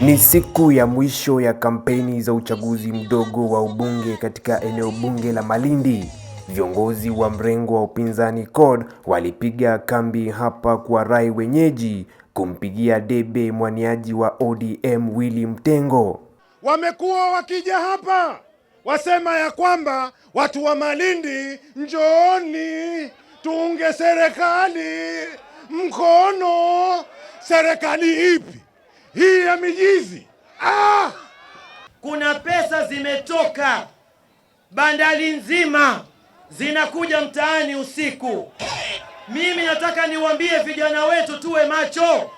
Ni siku ya mwisho ya kampeni za uchaguzi mdogo wa ubunge katika eneo bunge la Malindi. Viongozi wa mrengo wa upinzani CORD walipiga kambi hapa kwa rai wenyeji kumpigia debe mwaniaji wa ODM Willy Mtengo. Wamekuwa wakija hapa wasema ya kwamba watu wa Malindi, njooni tuunge serikali mkono. Serikali ipi? hii ya mijizi ah! Kuna pesa zimetoka bandari nzima zinakuja mtaani usiku. Mimi nataka niwaambie vijana wetu tuwe macho,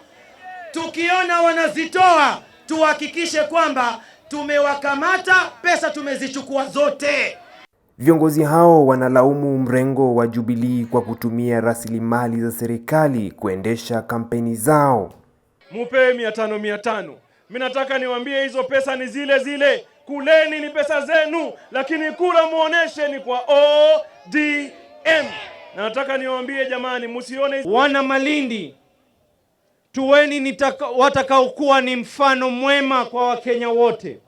tukiona wanazitoa tuhakikishe kwamba tumewakamata, pesa tumezichukua zote. Viongozi hao wanalaumu mrengo wa Jubilee kwa kutumia rasilimali za serikali kuendesha kampeni zao mupee mia tano mia tano. Mi nataka niwaambie hizo pesa ni zile zile, kuleni ni pesa zenu, lakini kula muoneshe ni kwa ODM. Na nataka niwaambie jamani, msione wana Malindi, tuweni watakaokuwa ni mfano mwema kwa Wakenya wote.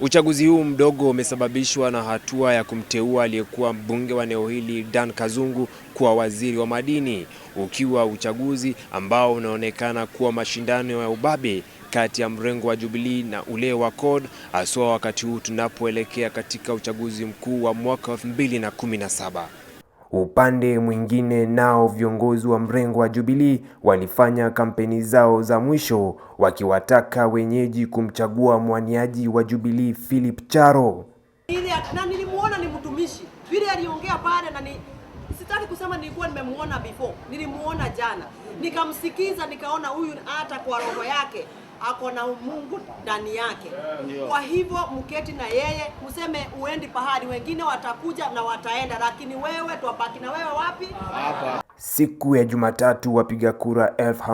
Uchaguzi huu mdogo umesababishwa na hatua ya kumteua aliyekuwa mbunge wa eneo hili Dan Kazungu kuwa waziri wa madini, ukiwa uchaguzi ambao unaonekana kuwa mashindano ya ubabe kati ya mrengo wa Jubilee na ule wa CORD, haswa wakati huu tunapoelekea katika uchaguzi mkuu wa mwaka 2017. Upande mwingine nao viongozi wa mrengo wa Jubilee walifanya kampeni zao za mwisho wakiwataka wenyeji kumchagua mwaniaji wa Jubilee Philip Charo. Na nilimuona ni mtumishi, vile aliongea pale na ni sitaki kusema nilikuwa nimemuona before, nilimuona jana, nikamsikiza, nikaona huyu hata kwa roho yake ako na Mungu ndani yake. Eh, kwa hivyo mketi na yeye, mseme uendi pahali, wengine watakuja na wataenda, lakini wewe twabaki na wewe wapi? Hapa. Siku ya Jumatatu wapiga kura elfu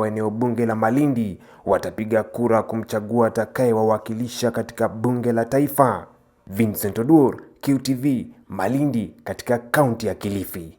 wa eneo bunge la Malindi watapiga kura kumchagua atakayewawakilisha katika bunge la taifa. Vincent Odur, QTV, Malindi katika kaunti ya Kilifi.